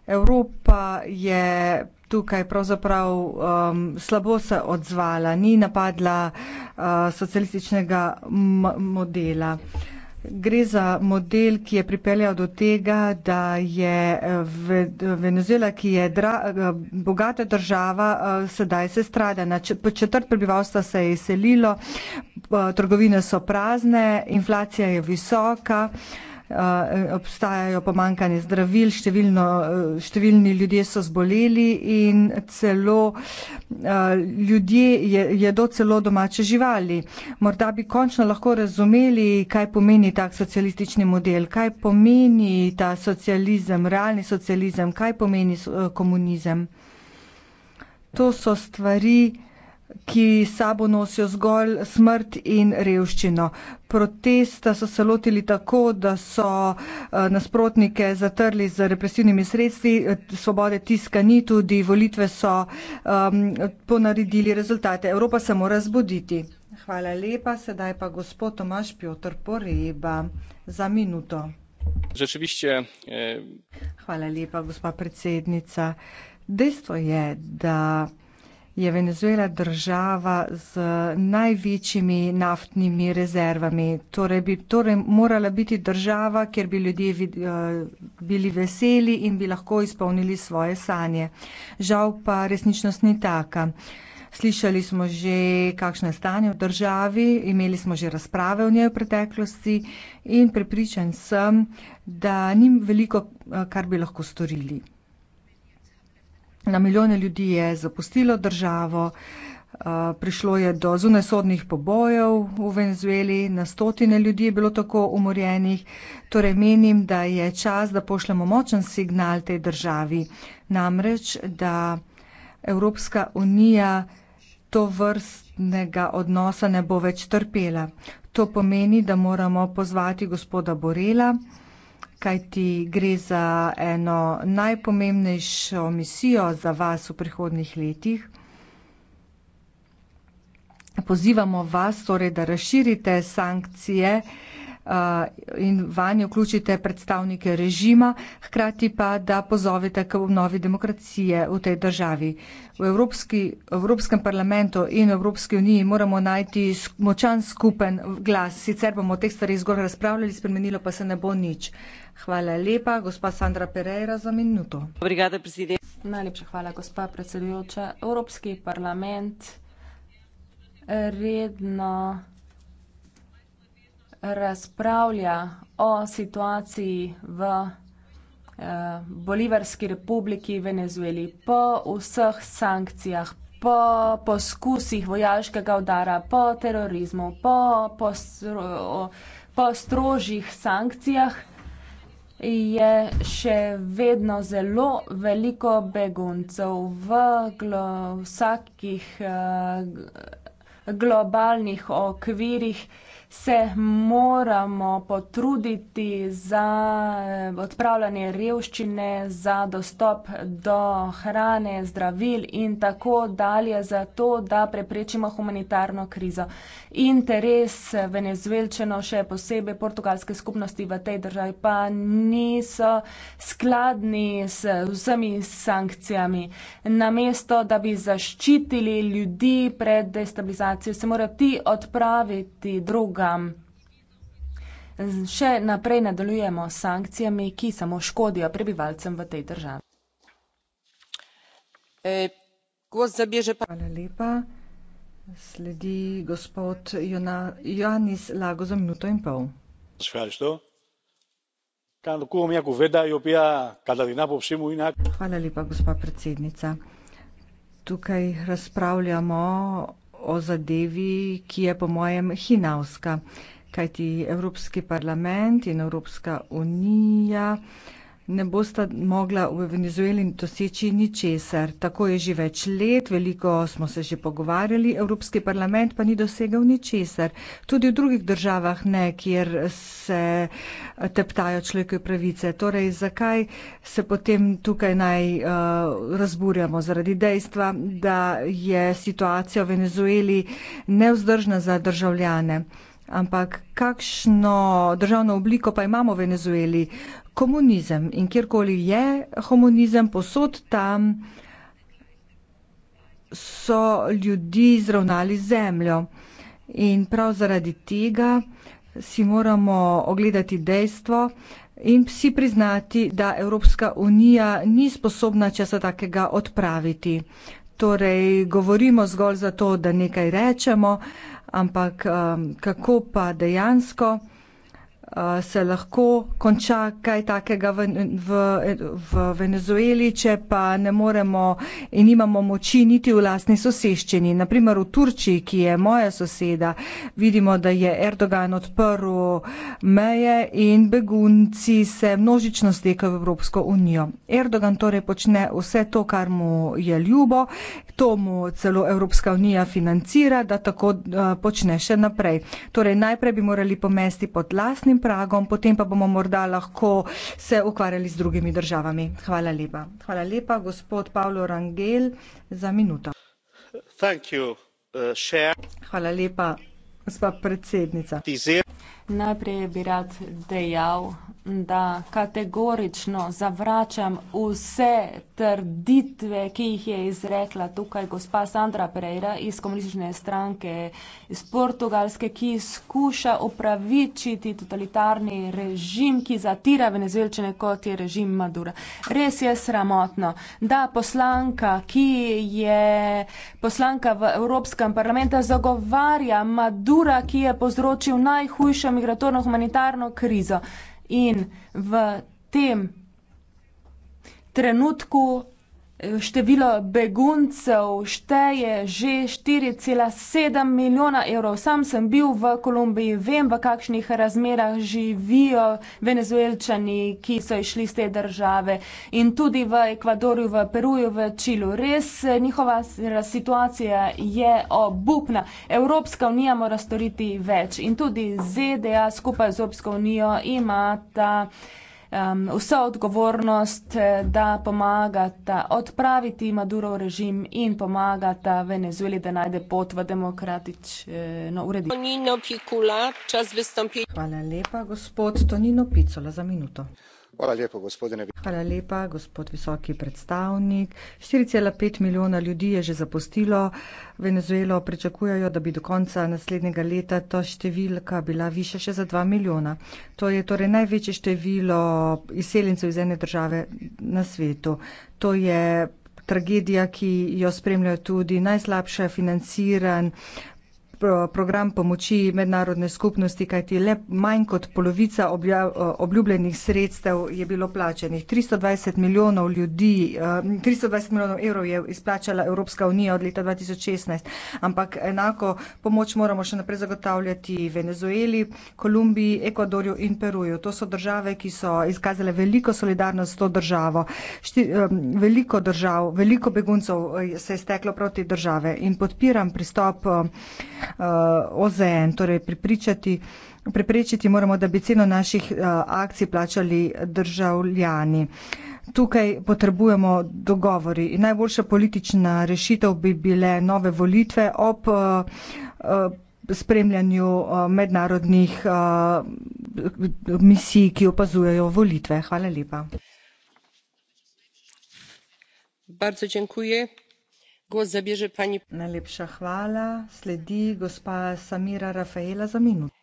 Speaker 4: Evropa je tukaj pravzaprav um, slabo se odzvala, ni napadla uh, socialističnega modela. Uh, Gre za model, ki je pripeljal do tega, da je Venezuela, ki je dra, bogata država, sedaj se strada. Četrt prebivalstva se je izselilo, trgovine so prazne, inflacija je visoka. Eh, obstajajo pomankanje zdravil, številno, eh, številni ljudje so zboleli in celo eh, ljudje jedo celo domače živali. Morda bi končno lahko razumeli, kaj pomeni tak socialistični model, kaj pomeni ta socializem, realni socializem, kaj pomeni komunizem. To so stvari, ki sabo nosijo zgolj smrt in revščino. Protesta so se lotili tako, da so eh, nasprotnike zatrli z represivnimi sredstvi, eh, svobode tiska ni, tudi volitve so um, ponaredili rezultate. Evropa se mora zbuditi. Hvala lepa, sedaj pa gospod Tomaš Piotr Poreba za minuto.
Speaker 5: Rečevišče. E,
Speaker 4: Hvala lepa, gospa predsednica. Dejstvo je, da je Venezuela država z največjimi naftnimi rezervami. Torej bi torej morala biti država, kjer bi ljudje vid, uh, bili veseli in bi lahko izpolnili svoje sanje. Žal pa resničnost ni taka. Slišali smo že, kakšno je stanje v državi, imeli smo že razprave o njej v preteklosti in prepričan sem, da ni veliko, eh, kar bi lahko storili. Na milijone ljudi je zapustilo državo, eh, prišlo je do zunesodnih pobojev v Venezueli, na stotine ljudi je bilo tako umorjenih. Torej menim, da je čas, da pošljemo močen signal tej državi. Namreč, da Evropska unija to vrstnega odnosa ne bo več trpela. To pomeni, da moramo pozvati gospoda Borela, kajti gre za eno najpomembnejšo misijo za vas v prihodnih letih. Pozivamo vas torej, da razširite sankcije, in vanje vključite predstavnike režima, hkrati pa, da pozovete k obnovi demokracije v tej državi. V Evropski, Evropskem parlamentu in Evropski uniji moramo najti močan skupen glas, sicer bomo o teh stvarih zgolj razpravljali, spremenilo pa se ne bo nič. Hvala lepa, gospa Sandra Pereira za minuto. Brigada, Najlepša hvala, gospa
Speaker 3: predsedujoča. Evropski parlament redno razpravlja o situaciji v eh, Bolivarski republiki Venezueli. Po vseh sankcijah, po poskusih vojaškega udara, po terorizmu, po, po, po strožjih sankcijah je še vedno zelo veliko beguncev v glo, vsakih eh, globalnih okvirih se moramo potruditi za eh, odpravljanje revščine, za dostop do hrane, zdravil in tako dalje, za to, da preprečimo humanitarno krizo. Interes venezuelčeno, še posebej portugalske skupnosti v tej državi, pa niso skladni z vsemi sankcijami. Namesto, da bi zaščitili ljudi pred destabilizacijo, se morajo ti odpraviti drug drugam. Še naprej nadaljujemo s sankcijami,
Speaker 4: ki samo škodijo prebivalcem v tej državi. E, Hvala lepa. Sledi gospod Janis Lago za minuto in pol. Hvala lepa, gospa predsednica. Tukaj razpravljamo o zadevi, ki je po mojem hinavska. Kajti Evropski parlament in Evropska unija uh, ne bosta mogla v Venezueli doseči ničesar. Tako je že več let, veliko smo se že pogovarjali, Evropski parlament pa ni dosegal ničesar. Tudi v drugih državah ne, kjer se teptajo človekove pravice. Torej, zakaj se potem tukaj naj uh, razburjamo? Zaradi dejstva, da je situacija v Venezueli nevzdržna za državljane. Ampak kakšno državno obliko pa imamo v Venezueli? komunizem in kjerkoli je komunizem, posod tam so ljudi zravnali zemljo. In prav zaradi tega si moramo ogledati dejstvo in si priznati, da Evropska unija ni sposobna česa takega odpraviti. Torej, govorimo zgolj zato, da nekaj rečemo, ampak um, kako pa dejansko uh, se lahko konča kaj takega v, v, v Venezueli, če pa ne moremo in nimamo moči niti v lasni soseščini. Naprimer v Turčiji, ki je moja soseda, vidimo, da je Erdogan odprl meje in begunci se množično stekajo v Evropsko unijo. Erdogan torej počne vse to, kar mu je ljubo, to mu celo Evropska unija financira, da tako uh, počne še naprej. Torej, najprej bi morali pomesti pod lasnim pragom, potem pa bomo morda lahko se ukvarjali z drugimi državami. Hvala lepa. Hvala lepa, gospod Paolo Rangel, za minuto.
Speaker 2: Uh,
Speaker 4: Hvala lepa, gospa predsednica.
Speaker 3: Najprej bi rad dejal, da kategorično zavračam vse trditve, ki jih je izrekla tukaj gospa Sandra Pereira iz komunistične stranke iz Portugalske, ki skuša opravičiti totalitarni režim, ki zatira venezuelčene kot je režim Madura. Res je sramotno, da poslanka, ki je poslanka v Evropskem parlamentu, zagovarja Madura, ki je povzročil najhujšo migratorno humanitarno krizo in v tem trenutku Število beguncev šteje že 4,7 milijona evrov. Sam sem bil v Kolumbiji, vem, v kakšnih razmerah živijo venezuelčani, ki so išli iz te države in tudi v Ekvadorju, v Peruju, v Čilu. Res eh, njihova situacija je obupna. Evropska unija mora storiti več in tudi ZDA skupaj z Evropsko unijo imata um, vso odgovornost, eh, da pomagata odpraviti Madurov režim in pomagata Venezueli, da najde pot v demokratično ureditev.
Speaker 4: Hvala lepa, gospod Tonino Picola, za minuto. Hvala lepa, gospodine. Hvala lepa, gospod visoki predstavnik. 4,5 milijona ljudi je že zapustilo Venezuelo. Pričakujajo, da bi do konca naslednjega leta ta številka bila više še za 2 milijona. To je torej največje število izseljencev iz ene države na svetu. To je tragedija, ki jo spremljajo tudi najslabše financiran program pomoči mednarodne skupnosti, kajti le manj kot polovica eh, obljubljenih sredstev je bilo plačenih. 320 milijonov, ljudi, 320 eh, milijonov evrov je izplačala Evropska unija od leta 2016, ampak enako pomoč moramo še naprej zagotavljati Venezueli, Kolumbiji, Ekvadorju in Peruju. To so države, ki so izkazale veliko solidarnost s to državo. Eh, veliko držav, veliko beguncev se je steklo proti države in podpiram pristop uh, uh, eh, OZN, torej pripričati. Preprečiti moramo, da bi ceno naših eh, akcij plačali državljani. Tukaj potrebujemo dogovori. Najboljša politična rešitev bi bile nove volitve ob eh, spremljanju mednarodnih misij, ki opazujejo volitve. Hvala lepa. Najlepša hvala. Sledi gospa Samira Rafaela za minuto.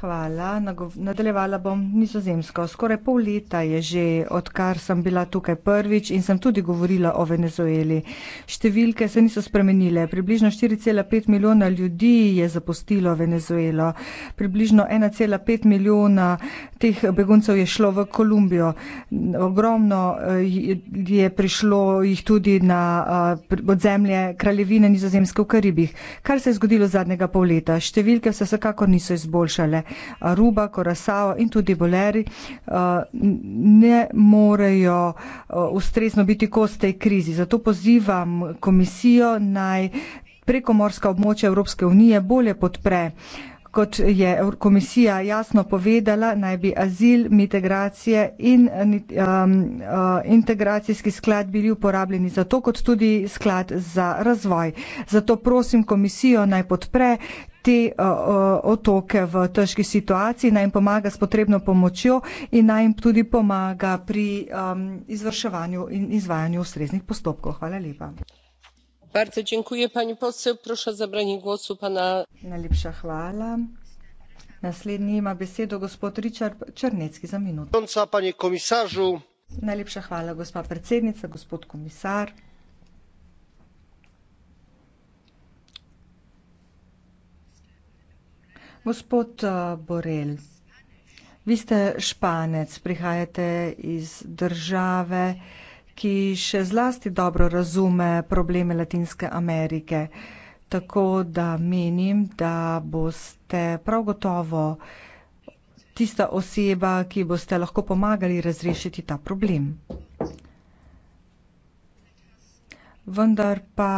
Speaker 4: Hvala, nadaljevala bom nizozemsko. Skoraj pol leta je že, odkar sem bila tukaj prvič in sem tudi govorila o Venezueli. Številke se niso spremenile. Približno 4,5 milijona ljudi je zapustilo Venezuelo. Približno 1,5 milijona teh beguncev je šlo v Kolumbijo. Ogromno eh, je prišlo jih tudi na podzemlje eh, kraljevine nizozemske v Karibih. Kar se je zgodilo zadnjega pol leta? Številke so se kar nikakor niso izboljšale. Aruba, Korasava in tudi Boleri eh, ne morejo eh, ustrezno biti kos tej krizi. Zato pozivam komisijo naj prekomorska območja Evropske unije bolje podpre Kot je komisija jasno povedala, naj bi azil, migracije in um, uh, integracijski sklad bili uporabljeni za to, kot tudi sklad za razvoj. Zato prosim komisijo naj podpre te uh, uh, otoke v težki situaciji, naj jim pomaga s potrebno pomočjo in naj jim tudi pomaga pri um, izvrševanju in izvajanju ustreznih postopkov. Hvala lepa bardzo dziękuję pani poseł proszę o zabranie głosu pana najlepsza chwała następny ma besedo gospod richard czarnecki za minutę
Speaker 2: pająca panie komisarzu
Speaker 4: najlepsza chwała gospa predsednica gospod komisar gospod borel vi ste španec prihajate iz države ki še zlasti dobro razume probleme Latinske Amerike. Tako da menim, da boste prav gotovo tista oseba, ki boste lahko pomagali razrešiti ta problem. Vendar pa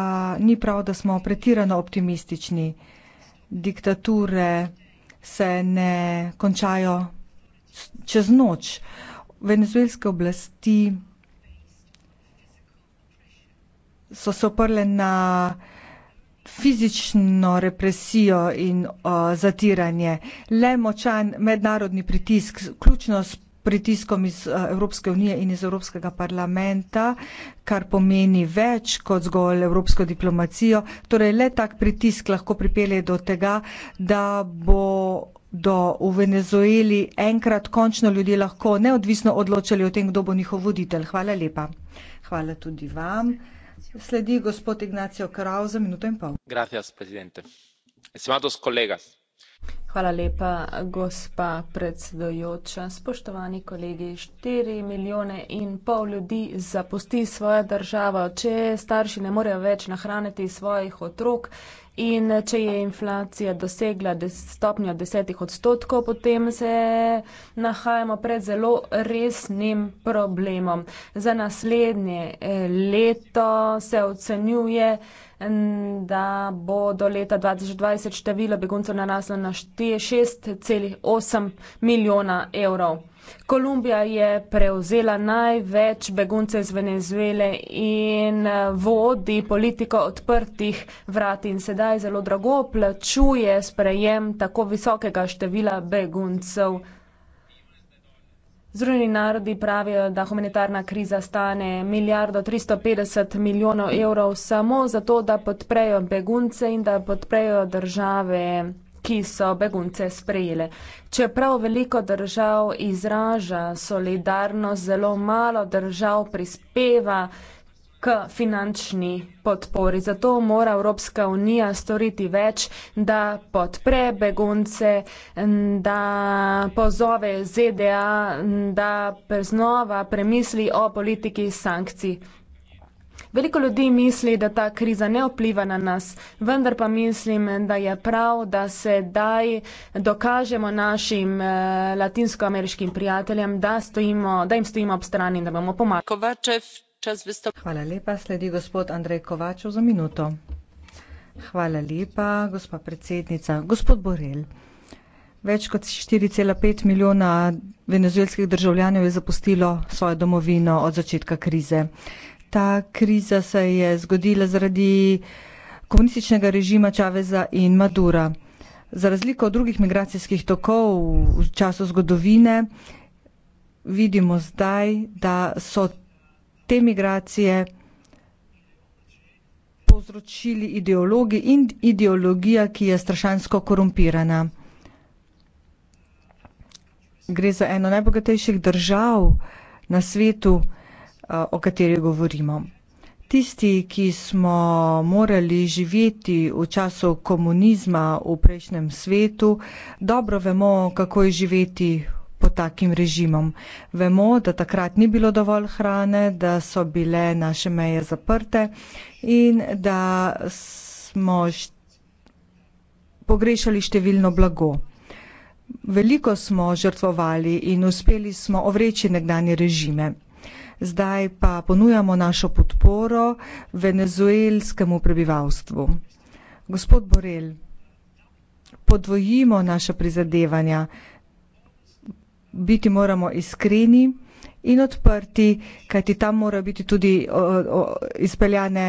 Speaker 4: ni prav, da smo pretirano optimistični. Diktature se ne končajo čez noč. Venezuelske oblasti so se oprle na fizično represijo in o, zatiranje. Le močan mednarodni pritisk, ključno s pritiskom iz e, Evropske unije in iz Evropskega parlamenta, kar pomeni več kot zgolj evropsko diplomacijo, torej le tak pritisk lahko pripelje do tega, da bo do v Venezueli enkrat končno ljudje lahko neodvisno odločali o tem, kdo bo njihov voditelj. Hvala lepa. Hvala tudi vam. Sledi gospod Ignacio Krav za minuto in pol.
Speaker 2: Gracias, presidente. Estimados kolegas.
Speaker 4: Hvala lepa, gospa predsedojoča. Spoštovani kolegi,
Speaker 3: 4 milijone in pol ljudi zapusti svojo državo, če starši ne morejo več nahraniti svojih otrok. In eh, če je inflacija dosegla des, stopnjo desetih odstotkov, potem se nahajamo pred zelo resnim problemom. Za naslednje eh, leto se ocenjuje, da bo do leta 2020 število beguncev naraslo na 6,8 milijona evrov. Kolumbija je prevzela največ beguncev iz Venezuele in vodi politiko odprtih vrat in sedaj zelo drago plačuje sprejem tako visokega števila beguncev Združeni narodi pravijo, da humanitarna kriza stane milijardo 350 milijonov evrov samo zato, da podprejo begunce in da podprejo države, ki so begunce sprejele. Čeprav veliko držav izraža solidarnost, zelo malo držav prispeva k finančni podpori. Zato mora Evropska unija storiti več, da podpre begunce, da pozove ZDA, da znova premisli o politiki sankcij. Veliko ljudi misli, da ta kriza ne vpliva na nas, vendar pa mislim, da je prav, da se daj dokažemo našim eh, latinskoameriškim prijateljem, da,
Speaker 4: stojimo, da jim stojimo ob strani in da bomo pomagali čas vstop. Hvala lepa. Sledi gospod Andrej Kovačev za minuto. Hvala lepa, gospa predsednica. Gospod Borel, več kot 4,5 milijona venezuelskih državljanov je zapustilo svojo domovino od začetka krize. Ta kriza se je zgodila zaradi komunističnega režima Čaveza in Madura. Za razliko od drugih migracijskih tokov v času zgodovine vidimo zdaj, da so te migracije povzročili ideologi in ideologija, ki je strašansko korumpirana. Gre za eno najbogatejših držav na svetu, eh, o kateri govorimo. Tisti, ki smo morali živeti v času komunizma v prejšnjem svetu, dobro vemo, kako je živeti pod takim režimom. Vemo, da takrat ni bilo dovolj hrane, da so bile naše meje zaprte in da smo pogrešali številno blago. Veliko smo žrtvovali in uspeli smo ovreči nekdanje režime. Zdaj pa ponujamo našo podporo venezuelskemu prebivalstvu. Gospod Borel, podvojimo naše prizadevanja, biti moramo iskreni in odprti kajti tam morajo biti tudi izpeljane